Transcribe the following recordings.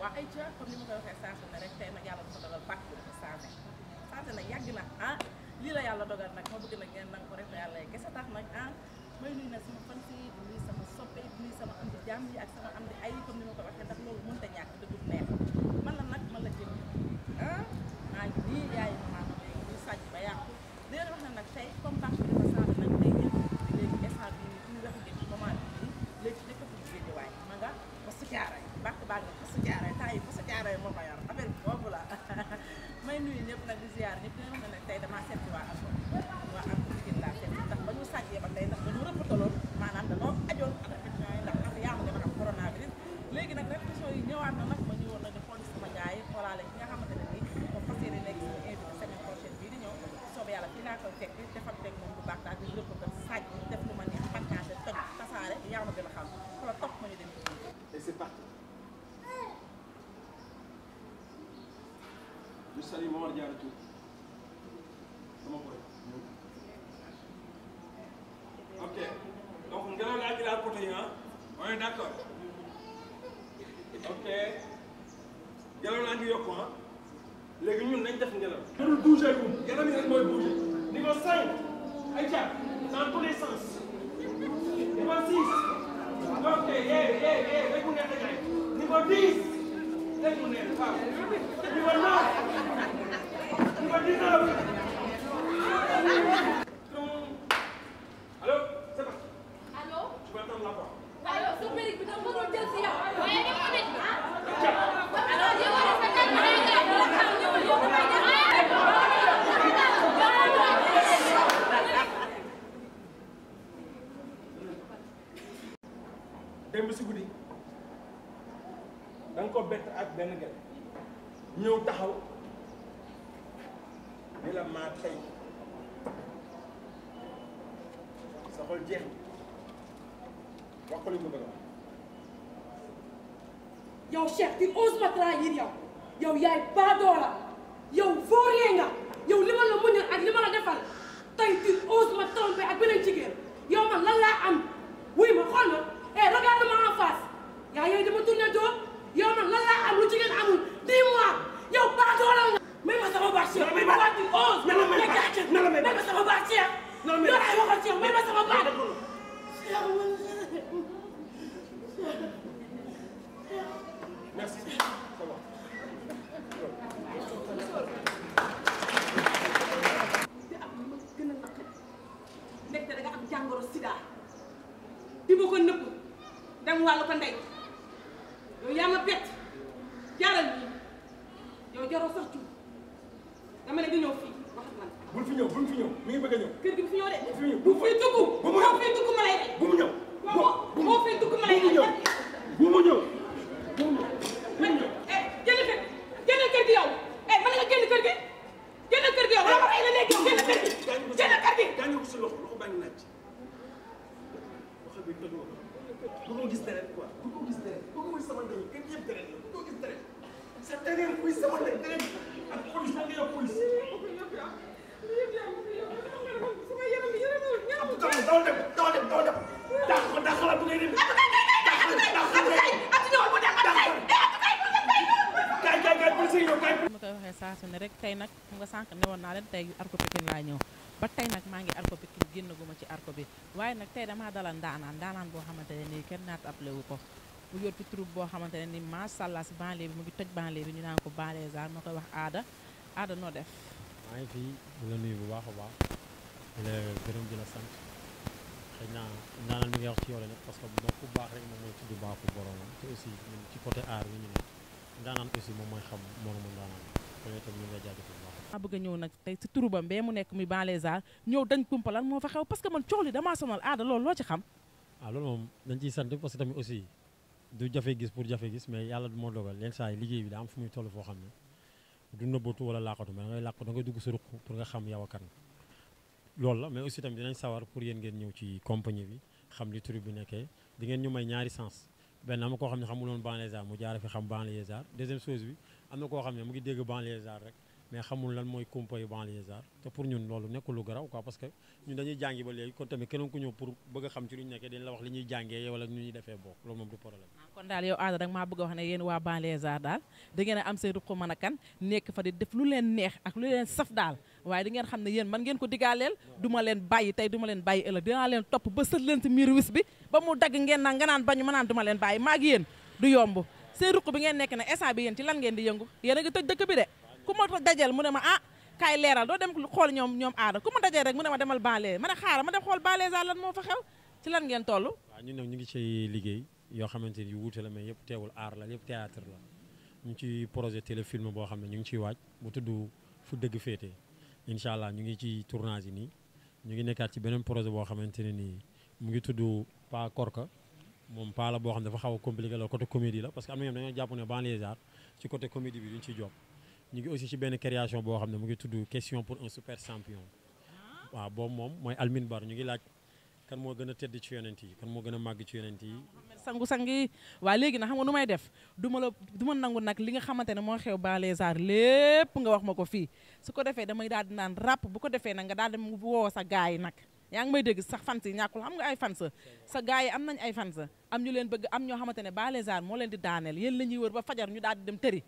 waaw ay ca comme ni ma koy waxee saa su ne rek tey nag yàlla dafa dogal pàcc bi dafa nag yàgg na ah lii la yàlla dogal nag ma bëgg nag ngeen nangu ko rek la yàlla ye kese tax nag ah may nuyu nag si di nuyu sama soppe di sama am di yi ak sama am di ay comme ni ma ko waxee ndax loolu mënta ñàkk dëggul neex man la nag man la jëm ah maa ngi nii ma maa ngi sàcc ba yàqu léegi wax na nag tey comme caaroy moo ko yar affaire bi boobu la may nuyu ñëpp nag di ziar ñëpp Serigne Momar Diarra Touré ñëw bu mu fi ñëw mi ngi bëgg a ñëw. kër gi bu fi ñëw de. bu mu fi ñëw bu mu fi dugg bu mu fi dugg ma lay. laa ñëw ba tey nag maa ngi arko Pikine génnaguma ci arko bi waaye nag tey damaa dalal ndaanaan ndaanaan boo xamante ne nii kenn naat appelé wu ko mu yor fi troupe boo xamante ne nii macha allah si banlieue bi mu ngi toj banlieue bi ñu naan ko banlieue zar ma koy wax aada aada bu baax a baax di la gërëm di la sant xëy na ndaanaan mi ngi wax ci yow la nag parce que moom ku baax rek moom mooy tudd baaxu boromam te aussi ñun ci côté aar bi ñu ne ndaanaan aussi moom mooy xam moromu ndaanaan kon itam ñu ngi lay jaajëfal maa bëgg ñëw nag tey ci turubam bee mu nekk muy arts ñëw dañ kumpa lan moo fa xew parce que man coow dama damaa sonal aada loolu loo ci xam waaw ah, loolu moom dañ ciy sant parce que tamit aussi du jafe gis pour jafe gis mais yàlla moo dogal yenn saa yi liggéey bi da am fu muy toll foo xam ne du nëbbatu wala làqatu mais da ngay làqatu da ngay dugg sa ruq pour nga xam yow kan loolu la mais aussi tamit dinañ sawar pour yéen ngeen ñëw ci compagnie bi xam li turu bi nekkee di ngeen ñu may ñaari sens benn am na koo xam ne xamuloon arts mu jaare fi xam ban les arts deuxième chose bi am na koo xam ne mu ngi dégg ban banlieusard rek mais xamul lan mooy kumpa te pour ñun loolu nekkul lu garaw quoi parce que ñun dañuy jàngi ba léegi kon tamit keneen ku ñu nekkee dañ la wax ah, kon daal yow aada danga leen neex leen bàyyi tey du leen bàyyi ëllëg dinaa leen topp ba sët leen si miir wis bi ba mu dagg ngeen na nga naan bañu ma naan du leen bàyyi maag yéen du yomb seen ruq bi ngeen nekk ne instant bi yéen ci lan ngeen di yëngu yéen a toj dëkk bi de ku ma mu ne ma ah kaay leeral doo dem xool ñoom ñoom aada ku ma dajal rek mu ne ma demal banlieue ma ne xaaral ma dem xool banlieue lan moo fa xew ci lan ngeen toll. waaw ñun nag ñu ngi ci liggéey yoo xamante ni yu wuute la mais yëpp teewul aar la yëpp théâtre la ñu ngi ci projet téléfilm boo xam ne ñu ngi ciy waaj bu tudd fu dëgg féete incha allah ñu ngi ci tournage yi nii ñu ngi nekkaat ci beneen projet boo xamante ne nii mu ngi tudd Pa Korka a compliqué la bi duñ ciy job ñu ngi aussi ci benn création boo xam ne mu ngi tudd question pour un super champion ah. waaw boobu moom mooy almin bar ñu ngi laaj kan moo gën a tedd ci yonent yi kan moo gën a màgg ci yonent yi sangu-sang yi waaw léegi nag xam nga may def du ma la du ma nangu nag li nga xamante ne moo xew ba les arts lépp nga wax ma ko fii su ko defee damay daal di naan ràpp bu ko defee nag nga daal di woo sa gaay yi nag yaa ngi may dégg sax fans yi ñàkkul xam nga ay fans sa gaay yi am nañ ay fans am ñu leen bëgg am ñoo xamante ne ba les arts moo leen di daaneel yéen la ñuy wër ba fajar ñu daal di dem tëri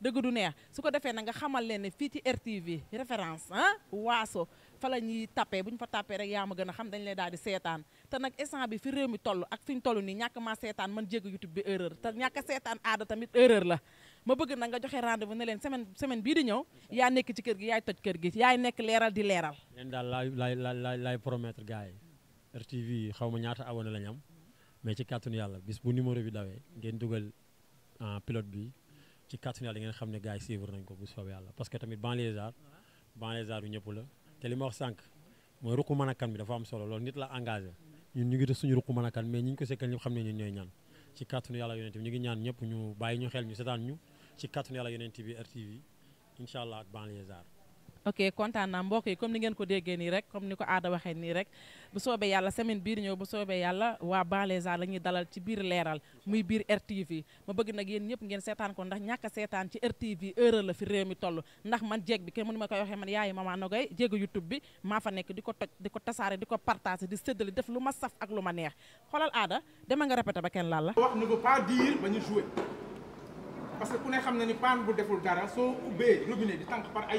dëgg du neex su ko defee na nga xamal len ne fii ci RTV référence hein ah, waaso fa la ñuy tapé buñ fa tapé rek yaama gëna xam dañ lay daal di seetaan te nag instant bi fi réew mi tollu ak fiñ tollu ni nii ma maa man jéggi YouTube bi erreur té ñàkk a aada tamit erreur la ma bëgg na nga joxé rendez-vous ne len semaine semaine bi di ñëw ya nekk ci kër gi yaay toj kër gi yaay nekk léral di léral leen daal lay lay lay lay promettre gaay RTV xawma ñaata abonné lañ am mais ci carton yalla bis bu numéro bi dawee ngeen duggal en ah, pilote bi ci kàttan yàlla ngeen xam ne gars yi suivre nañ ko bu soobee yàlla parce que tamit banlieusard banlieusard yu ñëpp la te li ma wax sànq mooy ruqu mën a kan bi dafa am solo loolu nit la engage ñun ñu ngi def suñu ruqu mën a kan mais ñu ñu ko sekkal ñëpp xam ne ñun ñooy ñaan ci kàttanu yàlla yonent bi ñu ngi ñaan ñëpp ñu bàyyi ñu xel ñu setaan ñu ci kàttanu yàlla yonent bi RTV incha allah ak banlieusard ok kontaan naa mbokk yi comme ni ngeen ko déggee nii rek comme ni ko aada waxee nii rek bu soobee yàlla semaine bii di ñëw bu soobee yàlla waa Baleza la ñuy dalal ci biir leeral muy biir RTV ma bëgg nag yéen ñëpp ngeen seetaan ko ndax ñàkk seetaan ci RTV heure la fi réew mi toll ndax man jeeg bi ke mënuma koy waxee man yaayi mama Nogay jéegu YouTube bi maa fa nekk di ko toj di ko tasaare di ko partager di séddale def lu ma saf ak lu ma neex xoolal aada dama nga répété ba kenn laal la wax ne ko pas dire ba ñu jouer parce que ku ne xam na ni paan bu deful dara soo ubbee robinet di tànk par ay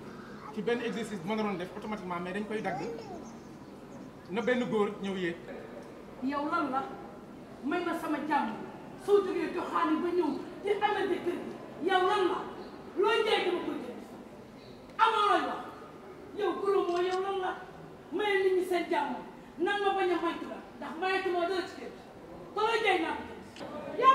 ci benn exercice bu ma naroon def automatiquement mais dañ koy dagg na benn góor ñëw yéeg. yow lan la may ma sama jàmm soo jógee doxaani ba ñëw di amante kër gi yow lan la looy jaay dama ko jënd amoo looy wax yow kuréel moo yow lan la may nit ñi seen jàmm nan ma bañ a moytu la ndax mayatu moo dara ci kër te looy jaay naa ko jënd.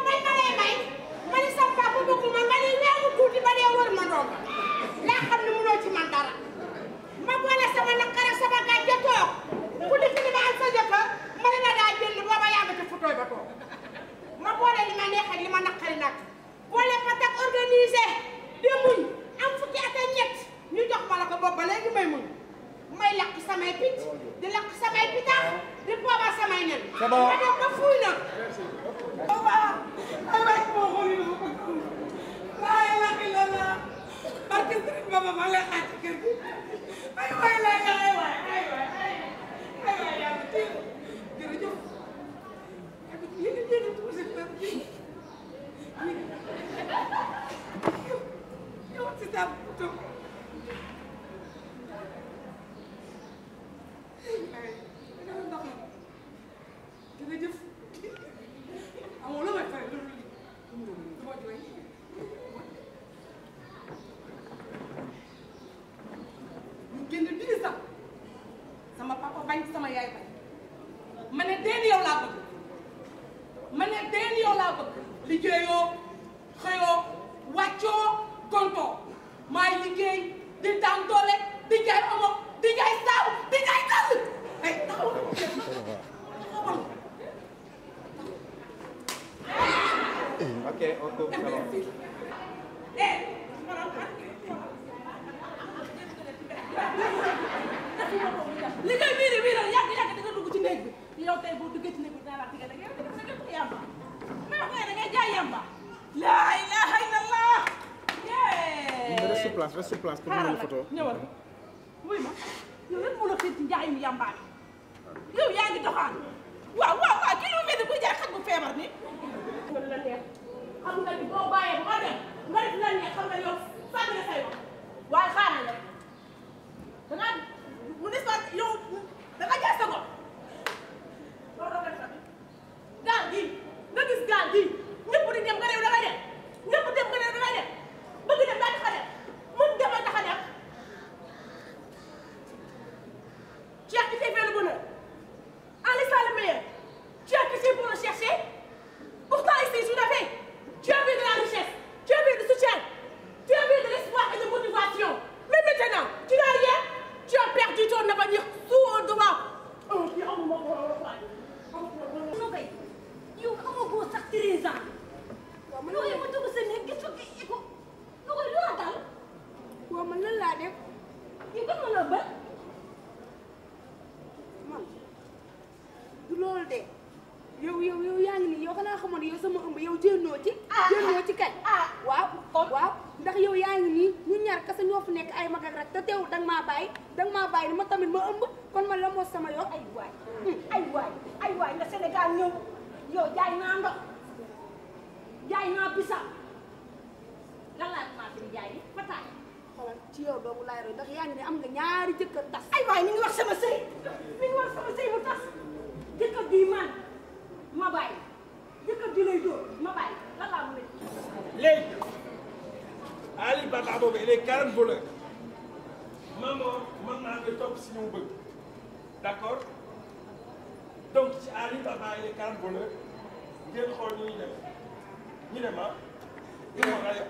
up place sur place pour ñu mën a photo nekk ay mag ak rak te teewul maa bàyyi danga maa bàyyi ma tamit ma ëmb kon man la moo sama yoon ay waay ay waay nga Sénégal ñëw yow jaay naa ndox jaay naa bisaab lan laa ci yow doogu laay tas ay waay mi ngi wax sama sëy mi ngi wax sama sëy bu tas jëkkër di man ma bàyyi di lay dóor ma bàyyi lan laa Ali Baba il est calme, voleur. maman maman, le top si on veut. D'accord donc si Ali Baba il est calme voleur. est mort, Il Ali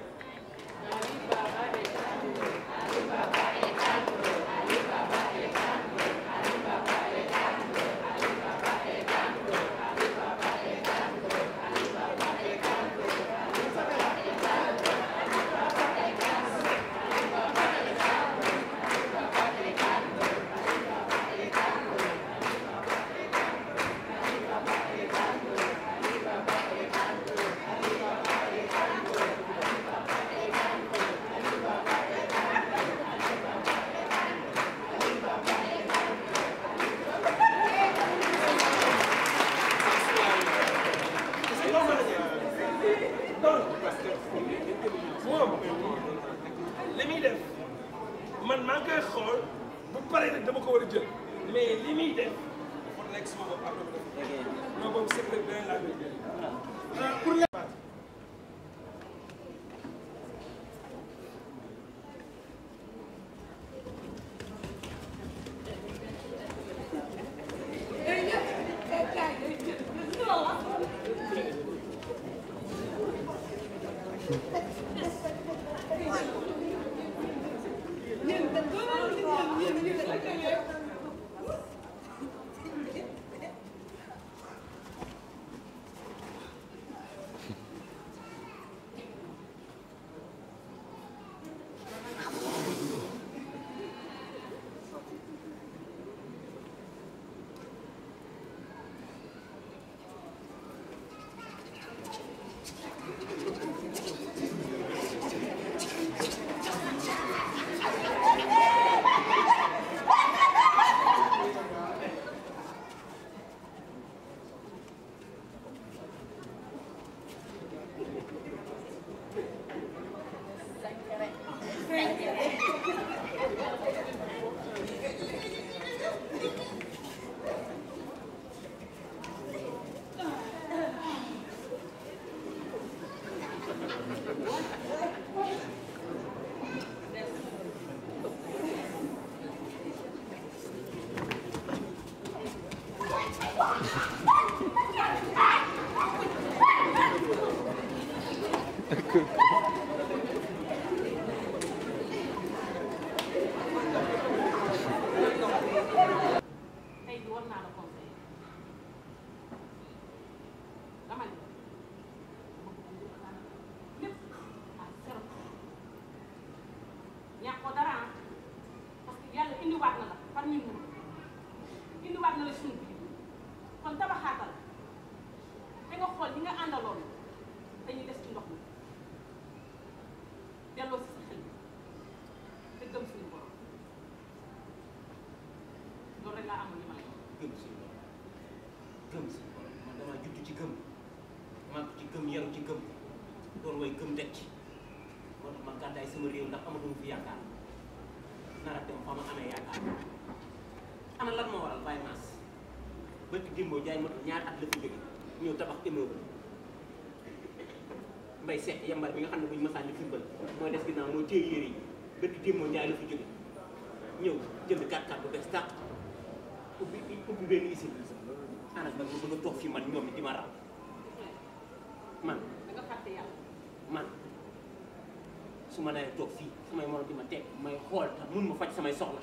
rek dama ko war a jël mais li muy def dafa nekk sama bopp ak loolu. dëgg la loolu moom secret bi beneen laa Good. gëm suñu borom man damaa judd ci gëm damaa ci gëm yaru ci gëm door way gëm dëkk moo tax ma gàddaay sama réew nara tiang pama ane amee kan ane lan mau waral bàyyi mas bëgg dimboo mau jadi, ñaar at la fi jóge ñëw tabax immeuble mbay seet yambar bi nga xam des ana nga nga toog fii man ñoom it di ma raw man man su ma nee toog fii samay morom di ma teg may xool te mun ma faj samay soxla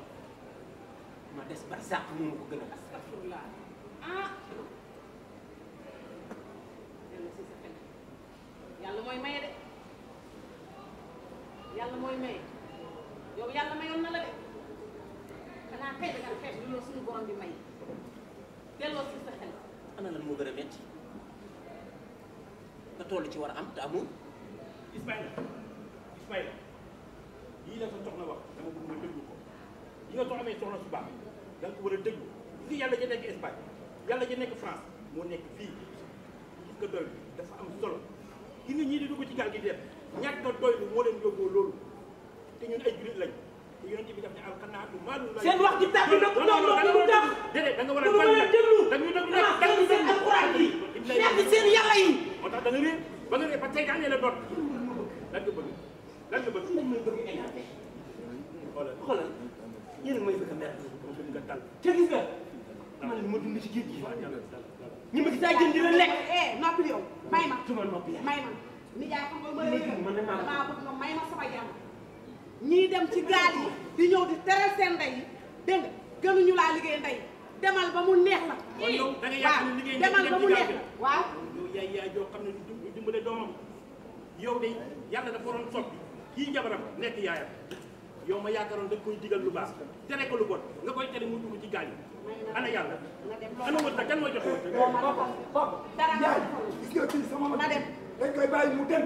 ma des barsàq mun ma ko gën a yàlla mooy maye de yàlla mooy maye yow yàlla mayoon na la de xanaa tey da nga xeex lu la suñu borom bi may delloo si ana moo gën a metti nga toll ci war a am te amul. Ismaïla Ismaïla lii la sa soxna wax dama bëgg nga déglu ko li nga soo amee soxna su baax da nga ko war a déglu li yàlla ja nekk Espagne yàlla ja nekk France moo nekk fii gis nga doylu dafa am solo gis nga ñii di dugg ci gaal gi di dem ñàkk doylu moo leen yóbboo loolu te ñun ay jullit lañ seen wax ji tàgg na ko doon loolu lu tax dama mën a déglu xanaa seen alxuraan yi nekk seen yàlla yi moo da nga réer ba nga réer ba tey daanee la doon lan nga bëgg lan nga bëgg lan nga bëgg ay yàlla xoolal xoolal yéen may bëgg mer nga dal te gis nga man dund ci gi ñi ma eh noppil yow may ma tuma noppi may ma nijaay xam nga ma lay man ma ñii dem ci gaal yi di ñëw di tere seen ndey yi dégg nga gënuñu laa liggéey ndey demal ba mu neex la. waaw demal ba mu neex la waaw. yow yaay yaay yoo xam ne du dimbale doomam yow de yàlla dafa waroon soppi kii jabaram nekk yaayam yow ma yaakaaroon da koy digal lu baax tere ko lu bon nga koy tere mu dugg ci gaal ana yàlla ana wër ta kan mooy joxe wër ta. dara nga gis nga kii sama ma koy bàyyi mu dem.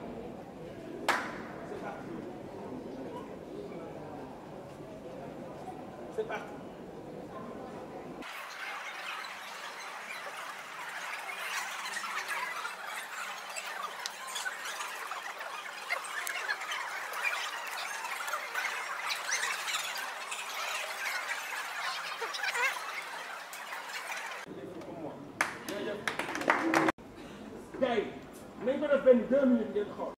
C'est parti. gars yi nañ ko def benn deux minutes ngeen xool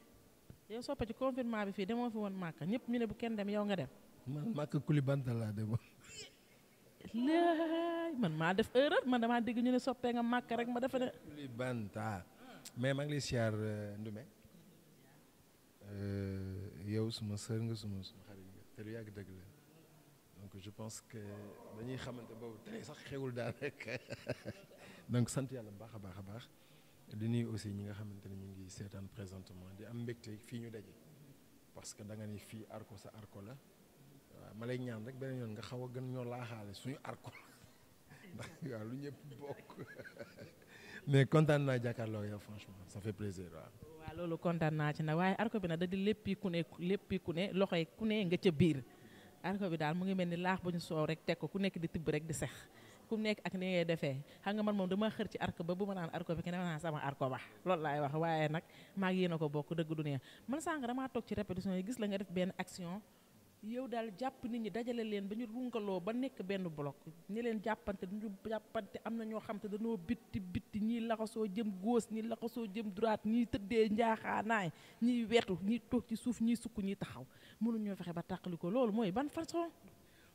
yow soppa ci confinement bi fii demoo fi woon màkk ñëpp ñu ne bu kenn dem yow nga dem. man màkk Koulibantang laa demoon. laay man maa def erreur man damaa dégg ñu ne soppee nga màkk rek ma defe ne. Koulibantang ah. mais maa ngi lay siyaar euh, Ndume. Euh, yow suma sër nga suma suma xarit nga te lu yàgg dëgg la donc je pense que dañuy xamante boobu sax xewul daal sant yàlla bu baax a baax a baax. di aussi ñi nga xamanteni ne ñu ngi sétane présentement di am mbégte fi ñu dajé parce que da nga ni fi arko sa arko la ma lay ñaan rek beneen yoon nga xaw a gën ñoo laaxaale suñu arko ndax waaw lu ñëpp bokk mais kontaan naa jàkkaarloo yow franchement ça fait plaisir waaw. waaw loolu kontaan naa ci na waaye arko bi nag da di léppi ku ne léppi ku ne loxo ku ne nga ca biir arko bi daal mu ngi mel ni laax bu ñu soow rek teg ko ku nekk di tibb rek di sex ku nekk ak ni ngay defee xam nga man moom dama xër ci arko ba bu ma naan arko bi kenn naa sama arko ba loolu waaye nag maa ngi yéen a ko bokk dëgg du neex man sànq damaa toog ci répétition yi gis la nga def benn action yow daal jàpp nit ñi dajale leen ba ñu runkaloo ba nekk benn bloc ñi leen jàppante duñu jàppante am na ñoo xam te dañoo bitti bitti ñii laxasoo jëm góos ñii laxasoo jëm droite ñii tëddee njaaxaanaay ñii wetu ñii toog ci suuf ñii sukk ñii taxaw mënuñoo fexe ba tàqali ko loolu mooy ban façon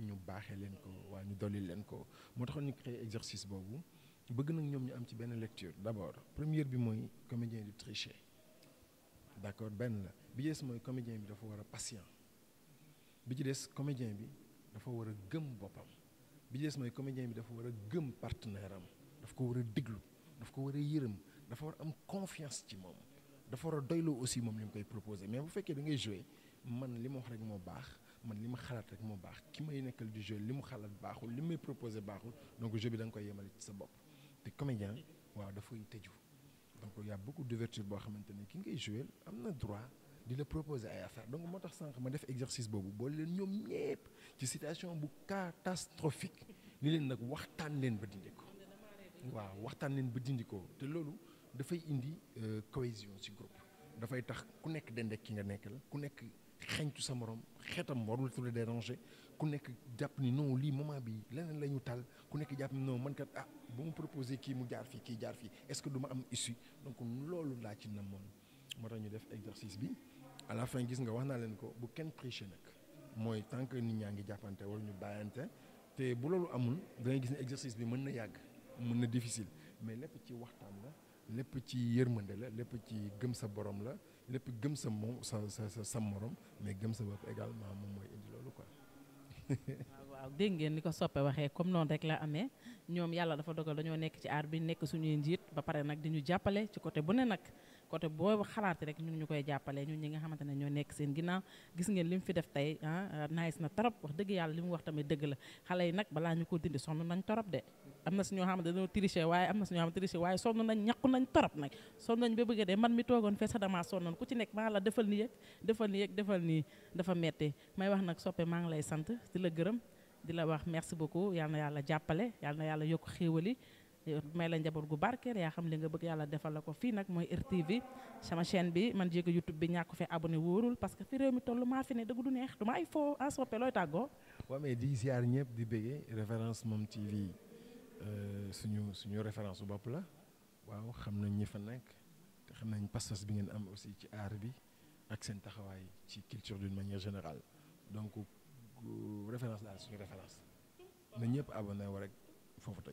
ñu baaxee leen ko waa ñu dolli leen ko moo taxoon ñu créer exercice boobu bëgg nag ñoom ñu am ci benn lecture d'abord première bi mooy comédien du tricher d'accord benn la bi des mooy comédien bi dafa war a patient bi ci des comédien bi dafa war a gëm boppam bi ci des mooy comédien bi dafa war a gëm partenaire am daf ko war a déglu daf ko war a yërëm dafa war a am confiance ci moom dafa war a doyloo aussi moom li mu koy proposé mais bu fekkee da ngay jouer man li ma wax rek moo baax man li ma xalaat rek moo baax ki may nekkal du jeu li mu xalaat baaxul li may proposé baaxul donc jeu bi da nga koy yemale ci sa bopp te comédien waaw dafay tëju donc il y a beaucoup d'ouverture boo xamante ne ki ngay jouer am na droit di la proposer ay affaire donc moo tax sànq ma def exercice boobu boole leen ñoom ñépp ci situation bu catastrophique ni leen nag waxtaan leen ba dindi ko waaw waxtaan leen ba dindi ko te loolu dafay indi euh, cohésion ci groupe dafay tax ku nekk dendek ki nga nekkal ku nekk xeñtu sa morom xeetam warul su la déranger ku nekk jàpp ni non lii moment bi leneen la ñu tal ku nekk jàpp ni non man kat ah bu mu proposé kii mu jaar fii kii jaar fii est-ce que du ma am issue donc loolu laa ci namoon moo tax ñu def exercice bi à la fin gis nga wax naa leen ko bu kenn tricher nag mooy tant que nit ñaa ngi jàppante wala ñu bàyyante te bu loolu amul da gis ne exercice bi mën na yàgg mën na difficile mais lépp ci waxtaan la lépp ci yërmande la lépp ci gëm sa borom la lépp gëm sa moom sa sa sa morom mais gëm sa bopp également moom mooy indi loolu quoi. waaw dégg ngeen ni ko soppe waxee comme noonu rek la amee ñoom yàlla dafa dogal dañoo nekk ci aar bi nekk suñuy njiit ba pare nag di ñu jàppale ci côté bu ne nag. côté boobu xalaat rek ñun ñu koy jàppale ñun ñi nga xamante ne ñoo nekk seen ginnaaw gis ngeen li mu fi def tey ah, nice na trop wax dëgg yàlla li mu wax tamit dëgg la xale yi nag balaa ñu ko dindi sonn nañ torop de am na si ñoo xam ne dañoo triché waaye am na si ñoo xam ne triché waaye sonn nañ ñàkku nañ torop nag sonn nañ ba bëgg de man mi toogoon fee sa damaa sonnoon ku ci nekk maa la defal nii yëg defal nii yëg defal nii dafa metti may wax nag soppe maa ngi lay sant la gërëm di la wax merci beaucoup yal yàlla jàppale yal na yàlla yokk xéewali may la njaboot gu barkeel yaa xam li nga bëgg yàlla defal la ko fii nag mooy RTV sama chaîne bi man jéego YouTube bi ñàkk fee abonné wóorul parce que fi réew mi toll maa fi ne dëgg du neex du ma ay foo ah, en looy tàggoo. di ziar ñëpp di bëggee référence euh, suñu suñu référence bopp la waaw xam nañ ñi fa nekk te xam nañ pas-pas bi ngeen am aussi ci aar bi ak seen taxawaay ci culture d'une manière général donc euh, référence daal suñu référence na ñëpp abonné wu rek foofu toj.